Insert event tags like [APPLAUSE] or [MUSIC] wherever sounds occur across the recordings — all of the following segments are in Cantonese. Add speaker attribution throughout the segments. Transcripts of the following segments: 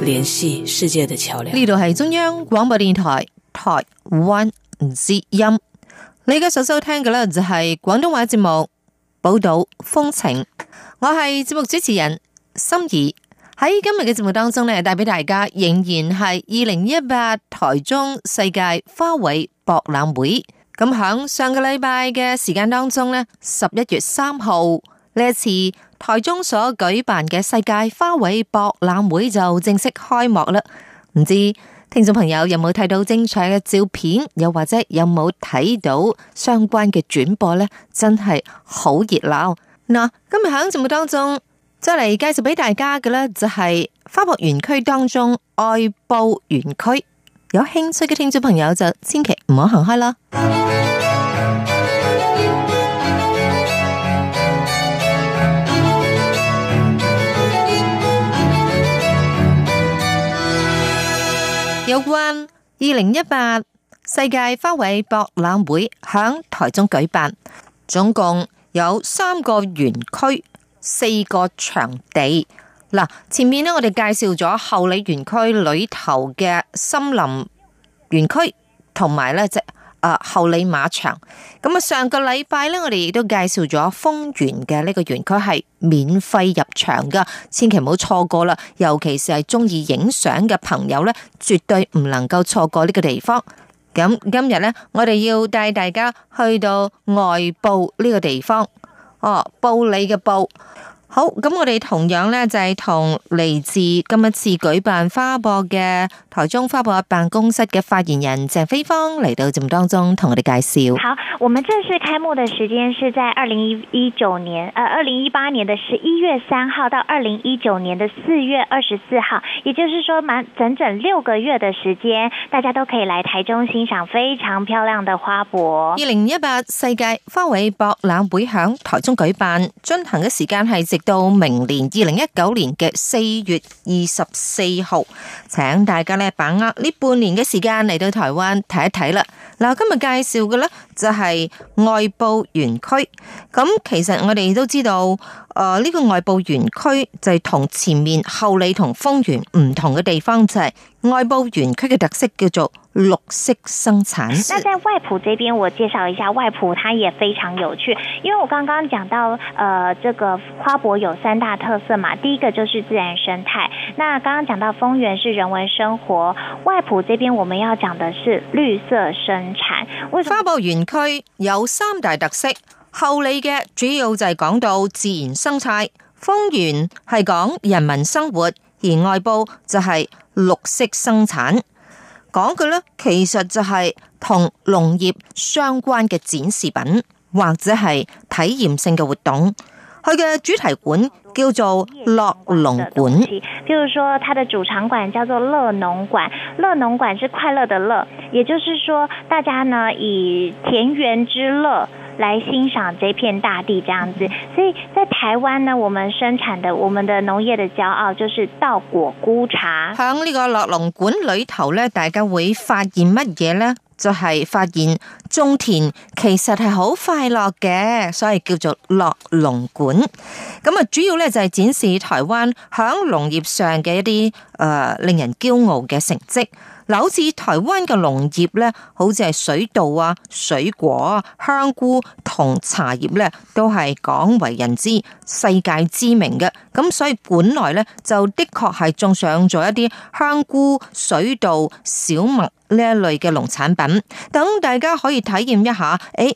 Speaker 1: 聯繫世界的橋樑。呢度係中央廣播電台台灣之音，你而家收收聽嘅咧就係廣東話節目《寶島風情》，我係節目主持人心儀。喺今日嘅節目當中呢，帶俾大家仍然係二零一八台中世界花卉博覽會。咁響上個禮拜嘅時間當中呢，十一月三號呢一次。台中所舉辦嘅世界花卉博覽會就正式開幕啦！唔知聽眾朋友有冇睇到精彩嘅照片，又或者有冇睇到相關嘅轉播呢？真係好熱鬧！嗱，今日喺節目當中再嚟介紹俾大家嘅呢，就是，就係花博園區當中外埔園區，有興趣嘅聽眾朋友就千祈唔好行開啦。有關二零一八世界花卉博覽會響台中舉辦，總共有三個園區、四個場地。嗱，前面咧我哋介紹咗后里園區裏頭嘅森林園區，同埋咧即。誒、啊，後里馬場，咁啊，上個禮拜呢，我哋亦都介紹咗豐原嘅呢個園區係免費入場噶，千祈唔好錯過啦，尤其是係中意影相嘅朋友呢，絕對唔能夠錯過呢個地方。咁今日呢，我哋要帶大家去到外埔呢個地方，哦、啊，埔里嘅埔。好，咁我哋同樣咧就係同嚟自，今一次舉辦花博嘅台中花博辦公室嘅發言人鄭飛芳，嚟到節目當中同我哋介紹。好，
Speaker 2: 我們正式開幕的時間是在二零一九年，誒、呃，二零一八年的十一月三號到二零一九年的四月二十四號，也就是說滿整整六個月的時間，大家都可以來台中欣賞非常漂亮嘅花博。二
Speaker 1: 零一八世界花卉博覽會響台中舉辦，進行嘅時間係直到明年二零一九年嘅四月二十四號，請大家咧把握呢半年嘅時間嚟到台灣睇一睇啦。嗱，今日介紹嘅咧。就係外埔園區，咁其實我哋都知道，誒、呃、呢、這個外埔園區就係同前面後里同豐原唔同嘅地方，就係、是、外埔園區嘅特色叫做綠色生產。那
Speaker 2: 在外埔這邊，我介紹一下外埔，它也非常有趣，因為我剛剛講到、呃，這個花博有三大特色嘛，第一個就是自然生態。那剛剛講到豐原是人文生活，外埔這邊我們要講的是綠色生產，
Speaker 1: 為什麼花博園？區有三大特色，后里嘅主要就係講到自然生態，豐原係講人民生活，而外埔就係綠色生產。講嘅呢，其實就係同農業相關嘅展示品或者係體驗性嘅活動。佢嘅主題館。叫做樂農館，
Speaker 2: 譬如說它的主場館叫做樂農館，樂農館是快樂的樂，也就是說大家呢以田園之樂來欣賞這片大地，這樣子。所以在台灣呢，我們生產的我們的農業的驕傲就是稻果菇茶。
Speaker 1: 喺呢個樂農館裏頭呢，大家會發現乜嘢呢？就係發現種田其實係好快樂嘅，所以叫做樂農館。咁啊，主要咧就係展示台灣響農業上嘅一啲誒令人驕傲嘅成績。好似台灣嘅農業咧，好似係水稻啊、水果啊、香菇同茶葉咧，都係廣為人知、世界知名嘅。咁所以本來咧，就的確係種上咗一啲香菇、水稻、小麥呢一類嘅農產品，等大家可以體驗一下，誒、哎，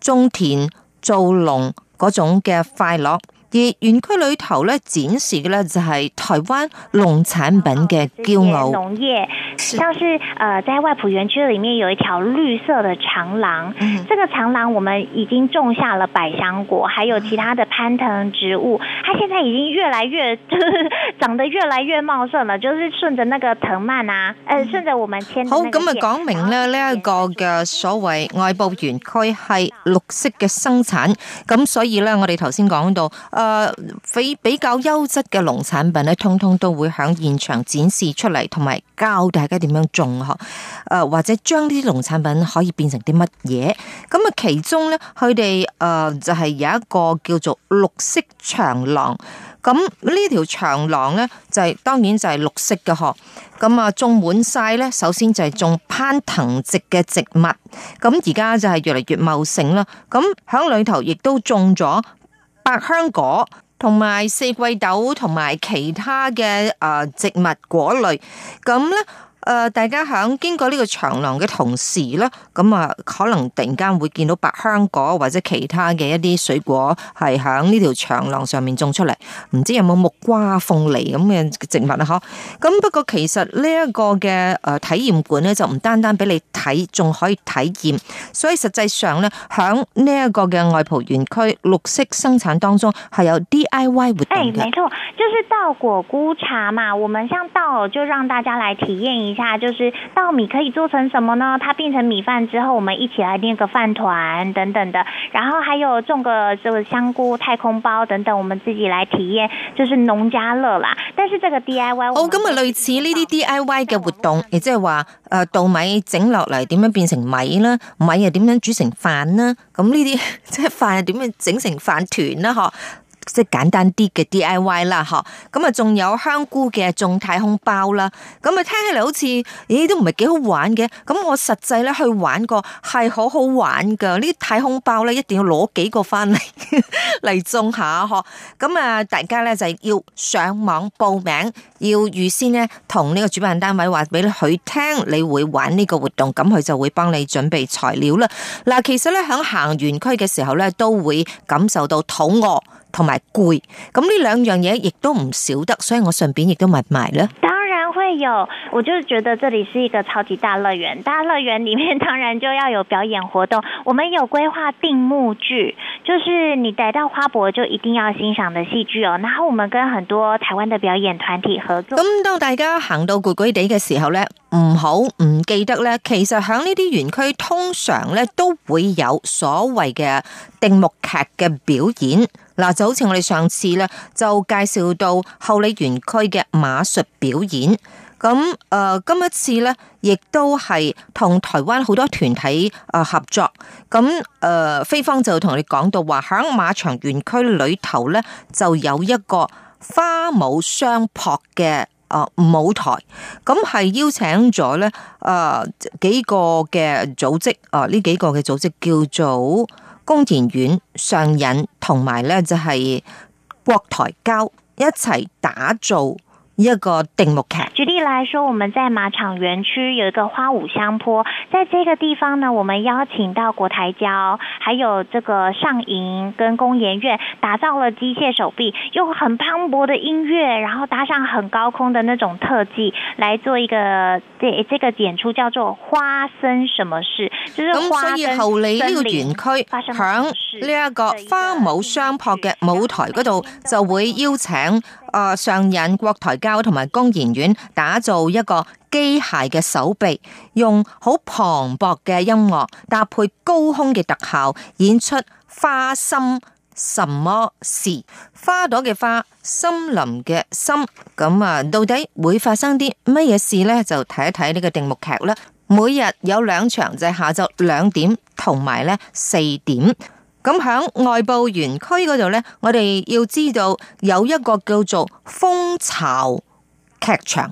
Speaker 1: 種田做農嗰種嘅快樂。而園區裏頭咧展示嘅咧就係台灣農產品嘅驕傲。農
Speaker 2: 業像是呃在外埔園區裏面有一條綠色嘅長廊。嗯，這個長廊我們已經種下了百香果，還有其他的攀藤植物。它現在已經越來越長得越來越茂盛了，就是順着那個藤蔓啊，誒，順着我們牽好，咁啊講
Speaker 1: 明咧呢一個嘅所謂外部園區係綠色嘅生產，咁所以咧，我哋頭先講到。誒，比比較優質嘅農產品咧，通通都會喺現場展示出嚟，同埋教大家點樣種誒，或者將呢啲農產品可以變成啲乜嘢？咁啊，其中咧，佢哋誒就係有一個叫做綠色長廊。咁呢條長廊咧，就係、是、當然就係綠色嘅嗬。咁啊，種滿晒咧，首先就係種攀藤植嘅植物。咁而家就係越嚟越茂盛啦。咁響裏頭亦都種咗。百香果同埋四季豆同埋其他嘅誒植物果類，咁咧。誒、呃，大家響經過呢個長廊嘅同時咧，咁啊，可能突然間會見到百香果或者其他嘅一啲水果係喺呢條長廊上面種出嚟，唔知道有冇木瓜、鳳梨咁嘅植物啊？嗬，咁不過其實呢一個嘅誒體驗館咧，就唔單單俾你睇，仲可以體驗，所以實際上咧，喺呢一個嘅外埔園區綠色生產當中，
Speaker 2: 係有 D I Y 活動嘅。誒、哎，沒錯，就是稻果菇茶嘛，我們像稻就讓大家來體驗一下就是稻米可以做成什麼呢？它變成米飯之後，我們一起來捏個飯團等等的。然後還有種個這個香菇太空包等等，我們自己來體驗，就是農家樂啦。但是這個 DIY 哦，咁啊，類似
Speaker 1: 呢啲 DIY 嘅活動，亦即係話，誒，稻米整落嚟點樣變成米呢？米又點樣煮成飯呢？咁呢啲即係飯又點樣整成飯團呢？嗬？即係簡單啲嘅 DIY 啦，嗬，咁啊仲有香菇嘅種太空包啦，咁啊聽起嚟好似，咦、欸、都唔係幾好玩嘅，咁我實際咧去玩過係好好玩噶，呢啲太空包咧一定要攞幾個翻嚟嚟種下，嗬，咁啊大家咧就要上網報名，要預先咧同呢個主辦單位話俾佢聽，你會玩呢個活動，咁佢就會幫你準備材料啦。嗱，其實咧響行園區嘅時候咧都會感受到肚餓。同埋攰，咁呢兩樣嘢亦都唔少得，所以我順便亦都買埋咧。
Speaker 2: 當然會有，我就覺得這裏是一個超級大樂園，大樂園裏面當然就要有表演活動。我們有規劃定目劇，就是你嚟到花博就一定要欣賞的戲劇哦。然後我們跟很多台灣的表演團體合作。咁當大家行到攰攰地嘅時候咧。唔好唔記得呢，其實喺呢啲園區通常
Speaker 1: 呢都會有所謂嘅定目劇嘅表演。嗱，就好似我哋上次呢，就介紹到后里園區嘅馬術表演。咁誒，今一次呢，亦都係同台灣好多團體誒合作。咁誒，菲方就同你講到話，喺馬場園區裏頭呢，就有一個花舞雙撲嘅。啊舞台，咁係邀請咗咧啊幾個嘅組織，啊呢幾個嘅組織叫做工田院上人，同埋咧就係國台交一齊打造。一個定目劇。
Speaker 2: 舉例來說，我們在馬場園區有一個花舞香坡，在這個地方呢，我們邀請到國台交，還有這個上銀跟工研院，打造了機械手臂，用很磅礴的音樂，然後搭上很高空的那種特技，來做一個這個、這個演出，叫做《花生什麼事》，就是咁。所以後嚟呢個園區，喺呢一
Speaker 1: 個花舞香坡嘅舞台嗰度，就會邀請。誒，上引國台交同埋工研院打造一個機械嘅手臂，用好磅礴嘅音樂搭配高空嘅特效，演出花心什麼事？花朵嘅花，森林嘅森，咁啊，到底會發生啲乜嘢事呢？就睇一睇呢個定目劇啦！每日有兩場，就下晝兩點同埋咧四點。咁響外埔園區嗰度呢，我哋要知道有一個叫做蜂巢劇場，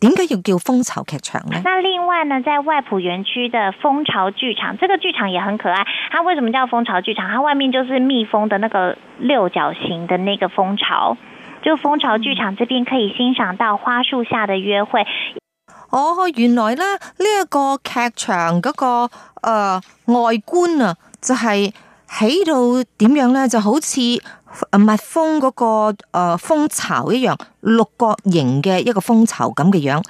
Speaker 1: 點解要叫蜂巢劇場呢？
Speaker 2: 那另外呢，在外埔園區嘅蜂巢劇場，這個劇場也很可愛。它為什麼叫蜂巢劇場？它外面就是蜜蜂的那個六角形的那個蜂巢，就蜂巢劇場這邊可以欣賞到花樹下的約會。哦，原來呢，呢一個劇場嗰個
Speaker 1: 誒外觀啊！就係起到點樣咧，就好似。蜜蜂嗰個誒蜂巢一樣，六角形嘅一個蜂巢咁嘅樣，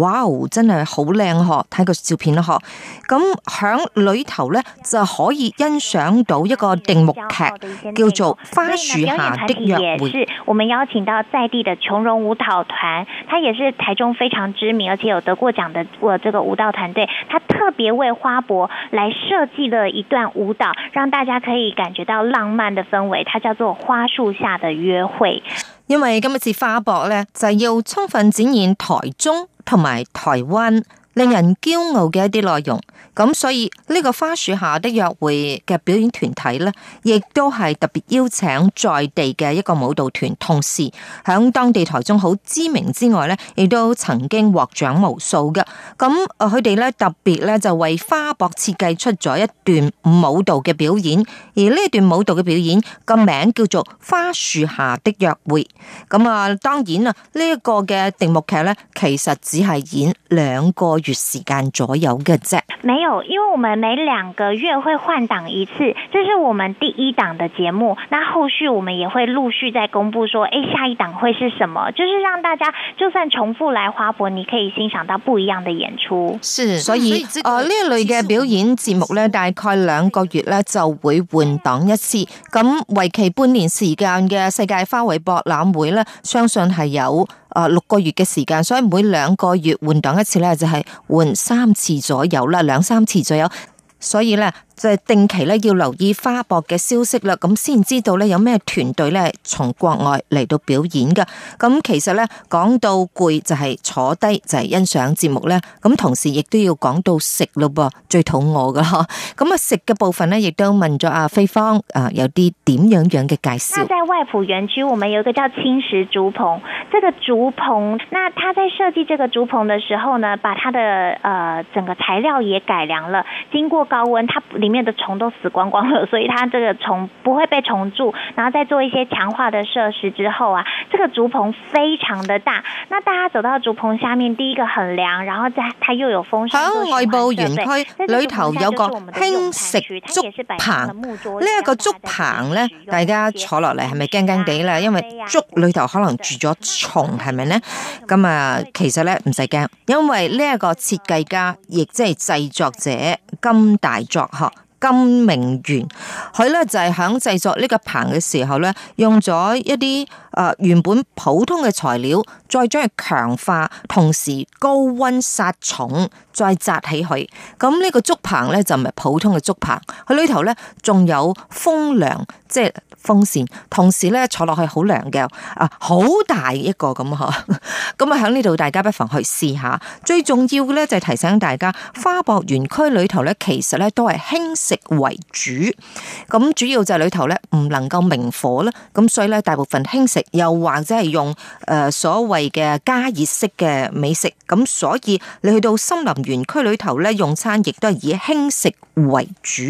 Speaker 1: 哇、哦！真係好靚嗬，睇個照片咯嗬。咁響裏頭咧就可以欣賞到一個定目劇，叫做《花樹下的約會》。是
Speaker 2: 我們邀請到在地的瓊蓉舞蹈團，他也是台中非常知名而且有得過獎的我這個舞蹈團隊，他特別為花博來設計了一段舞蹈，讓大家可以感覺到浪漫的氛圍，它叫做。花樹下的約會，因為今次花博呢，就係要充分展現
Speaker 1: 台中同埋台灣。令人驕傲嘅一啲內容，咁所以呢、這個花樹下的約會嘅表演團體咧，亦都係特別邀請在地嘅一個舞蹈團，同時響當地台中好知名之外咧，亦都曾經獲獎無數嘅。咁佢哋咧特別咧就為花博設計出咗一段舞蹈嘅表演，而呢一段舞蹈嘅表演個名叫做《花樹下的約會》。咁啊，當然啦、啊這個、呢一個嘅定目劇咧，其實只係演兩個。月時間左右嘅啫，
Speaker 2: 沒有，因為我們每兩個月會換檔一次，這是我們第一檔的節目。那後續我們也會陸續再公佈說，誒、哎，下一檔會是什麼，就是讓大家就算重複來花博，你可以欣賞到不一樣的演出。是，所以哦呢、呃、類嘅表演
Speaker 1: 節目咧，大概兩個月咧就會換檔一次。咁為期半年時間嘅世界花卉博覽會咧，相信係有。啊，六個月嘅時間，所以每兩個月換檔一次咧，就係、是、換三次左右啦，兩三次左右，所以咧。就係定期咧要留意花博嘅消息啦，咁先知道咧有咩團隊咧從國外嚟到表演嘅。咁其實咧講到攰就係坐低就係欣賞節目咧，咁同時亦都要講到食咯噃，最肚餓噶咯。咁啊食嘅部分呢，亦都問咗阿菲芳啊，有啲點樣樣嘅介紹。
Speaker 2: 那在外埔園區，我們有一個叫青石竹棚，這個竹棚，那他在設計這個竹棚嘅時候呢，把它的整個材料也改良了，經過高溫，裡面的蟲都死光光了，所以它這個蟲不會被蟲蛀，然後再做一些強化的設施之後啊，這個竹棚非常的大。那大家走到竹棚下面，第一個很涼，然後再它又有風。好，外埔園區裏頭有個輕食竹棚，呢一個竹棚呢，大家坐落
Speaker 1: 嚟係咪驚驚地喇？因為竹裏頭可能住咗蟲，係咪對呢？咁啊、嗯，其實呢，唔使驚，因為呢一個設計家亦即係製作者。金大作學金明元，佢咧就係響製作呢個棚嘅時候咧，用咗一啲。誒，原本普通嘅材料，再將佢強化，同時高温殺蟲，再紮起佢。咁呢個竹棚咧就唔係普通嘅竹棚，佢裏頭咧仲有風涼，即係風扇，同時咧坐落去好涼嘅。啊，好大一個咁吓，咁啊喺呢度大家不妨去試下。最重要嘅咧就係提醒大家，花博園區裏頭咧其實咧都係輕食為主，咁主要就係裏頭咧唔能夠明火啦，咁所以咧大部分輕食。又或者係用誒所謂嘅加熱式嘅美食，咁所以你去到森林園區裏頭咧用餐，亦都係以輕食為主。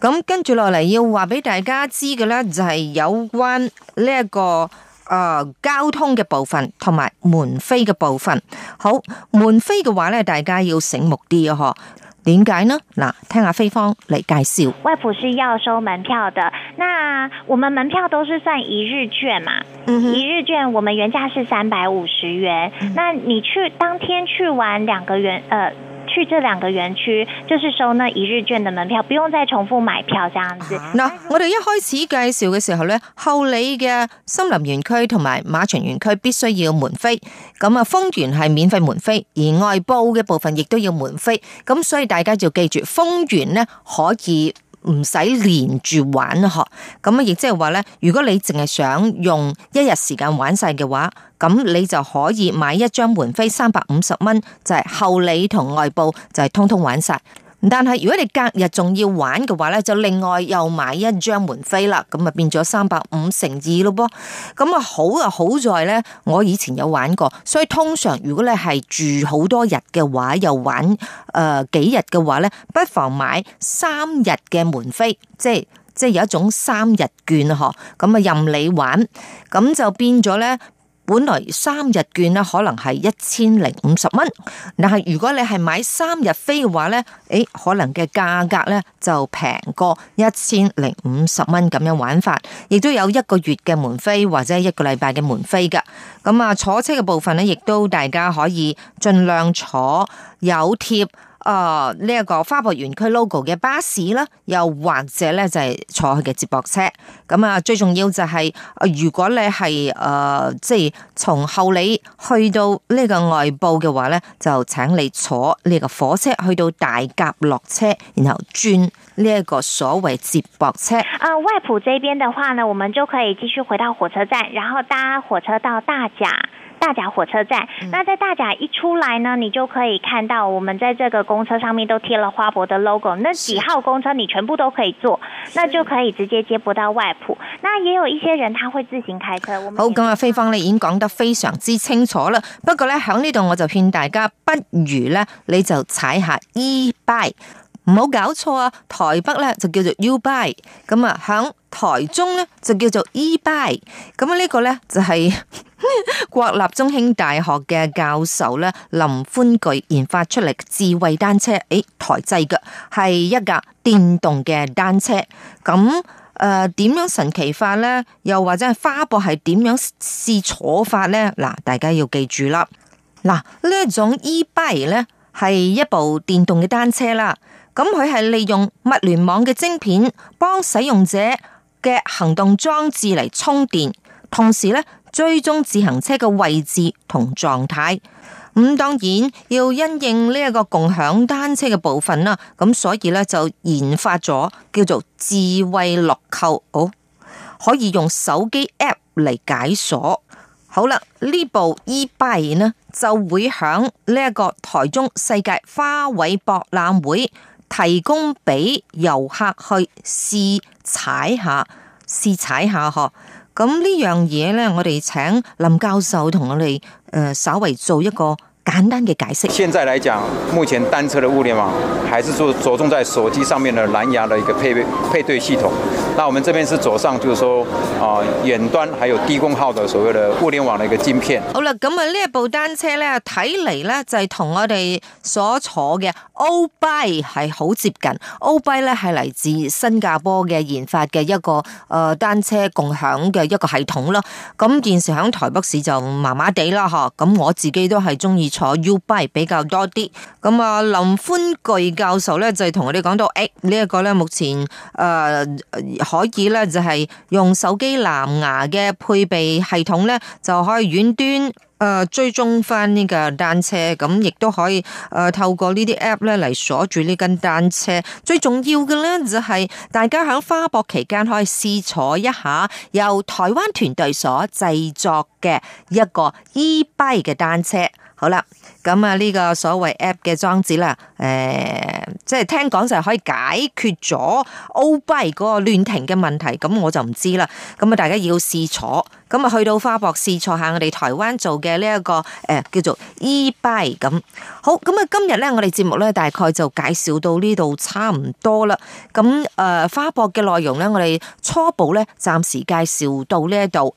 Speaker 1: 咁跟住落嚟要話俾大家知嘅呢，就係有關呢、這、一個誒、呃、交通嘅部分，同埋門飛嘅部分。好，門飛嘅話呢，大家要醒目啲啊！嗬。點解呢？嗱，聽下菲芳嚟介紹，
Speaker 2: 外埔是要收門票的。那我們門票都是算一日券嘛？嗯哼，一日券，我們原價是三百五十元。那你去、嗯、哼當天去玩兩個園。呃。去這兩個園區就是收那一日券的門票，不用再重複買票，這樣子。
Speaker 1: 嗱、啊，我哋一開始介紹嘅時候咧，后里嘅森林園區同埋馬場園區必須要門飛。咁啊，豐原係免費門飛，而外埔嘅部分亦都要門飛。咁所以大家就記住，豐原呢可以。唔使連住玩學，咁啊亦即係話咧，如果你淨係想用一日時間玩晒嘅話，咁你就可以買一張門飛三百五十蚊，就係后里同外埔就係通通玩晒。但係如果你隔日仲要玩嘅話咧，就另外又買一張門飛啦，咁啊變咗三百五乘二咯噃，咁啊好啊好在咧，我以前有玩過，所以通常如果你係住好多日嘅話，又玩誒、呃、幾日嘅話咧，不妨買三日嘅門飛，即係即係有一種三日券嗬，咁啊任你玩，咁就變咗咧。本來三日券咧，可能係一千零五十蚊，但係如果你係買三日飛嘅話呢，誒，可能嘅價格呢就平過一千零五十蚊咁樣玩法，亦都有一個月嘅門飛或者一個禮拜嘅門飛噶，咁啊坐車嘅部分呢，亦都大家可以盡量坐有貼。啊！呢一、呃這個花博園區 logo 嘅巴士啦，又或者咧就係坐佢嘅接駁車。咁啊，最重要就係，如果你係誒，即係從后里去到呢個外埔嘅話咧，就請你坐呢個火車去到大甲落車，然後轉呢一個所謂接駁車。
Speaker 2: 啊、呃，外埔這邊嘅話呢，我們就可以繼續回到火車站，然後搭火車到大甲。大甲火車站，那在大甲一出來呢，你就可以看到我們在這個公車上面都貼了花博的 logo。那幾號公車你全部都可以坐，那就可以直接接駁到外埔。那也有一些人他會自行開車。我好，
Speaker 1: 咁啊，菲方，你已經講得非常之清楚了。不過呢，響呢度我就勸大家，不如呢你就踩下 e bike，唔好搞錯啊。台北呢就叫做 u bike，咁啊響台中呢就叫做 e bike。咁啊，呢個呢就係、是。 [LAUGHS] 國立中興大學嘅教授咧，林歡具研發出嚟智慧單車，誒、哎，台製嘅係一架電動嘅單車。咁誒，點、呃、樣神奇法呢？又或者係花博係點樣試坐法呢？嗱，大家要記住啦。嗱，呢一種 e bike 咧係一部電動嘅單車啦。咁佢係利用物聯網嘅晶片幫使用者嘅行動裝置嚟充電，同時咧。追蹤自行車嘅位置同狀態，咁當然要因應呢一個共享單車嘅部分啦。咁所以呢，就研發咗叫做智慧落扣，好、oh, 可以用手機 app 嚟解鎖。好啦，呢部 e bike 呢就會響呢一個台中世界花卉博覽會提供俾遊客去試踩下，試踩下嗬。咁呢樣嘢呢，我哋請林教授同我哋、呃、稍微做一個
Speaker 2: 簡單嘅解釋。現在來講，目前單車的物聯網還是注着重在手機上面的藍牙的一個配配對系統。那我們這邊是左上，就是說啊，遠、呃、端還有低功耗的所謂的物聯網的一個晶片。
Speaker 1: 好啦，咁啊，呢一部單車呢，睇嚟呢就係、是、同我哋所坐嘅。oBike 係好接近，oBike 咧係嚟自新加坡嘅研發嘅一個誒單車共享嘅一個系統啦。咁件事喺台北市就麻麻地啦，吓，咁我自己都係中意坐 YouBike 比較多啲。咁啊林歡巨教授咧就係同我哋講到，誒呢一個咧目前誒、呃、可以咧就係用手機藍牙嘅配備系統咧就可以遠端。誒，追蹤翻呢架單車，咁亦都可以誒，透過呢啲 app 咧嚟鎖住呢根單車。最重要嘅咧就係大家喺花博期間可以試坐一下由台灣團隊所製作嘅一個 e bike 嘅單車。好啦，咁啊呢個所謂 app 嘅裝置啦，誒，即係聽講就係可以解決咗歐幣嗰個亂停嘅問題，咁我就唔知啦。咁啊，大家要試坐，咁啊去到花博試坐下我哋台灣做嘅呢一個誒叫做 eby。咁好，咁啊今日咧我哋節目咧大概就介紹到呢度差唔多啦。咁誒花博嘅內容咧，我哋初步咧暫時介紹到呢一度。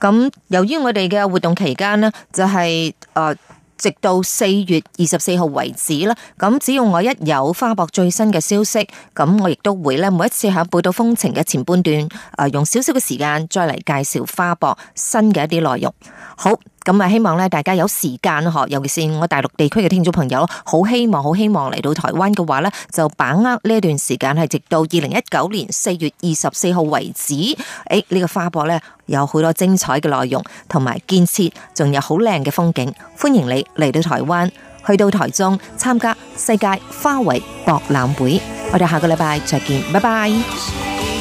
Speaker 1: 咁由於我哋嘅活動期間呢，就係，就係誒。直到四月二十四號為止啦，咁只要我一有花博最新嘅消息，咁我亦都會咧每一次喺《報道風情》嘅前半段，誒，用少少嘅時間再嚟介紹花博新嘅一啲內容。好。咁啊，希望咧大家有時間呵，尤其是我大陸地區嘅聽眾朋友，好希望好希望嚟到台灣嘅話咧，就把握呢一段時間，係直到二零一九年四月二十四號為止。誒，呢個花博咧有好多精彩嘅內容，同埋建設，仲有好靚嘅風景，歡迎你嚟到台灣，去到台中參加世界花卉博覽會。我哋下個禮拜再見，拜拜。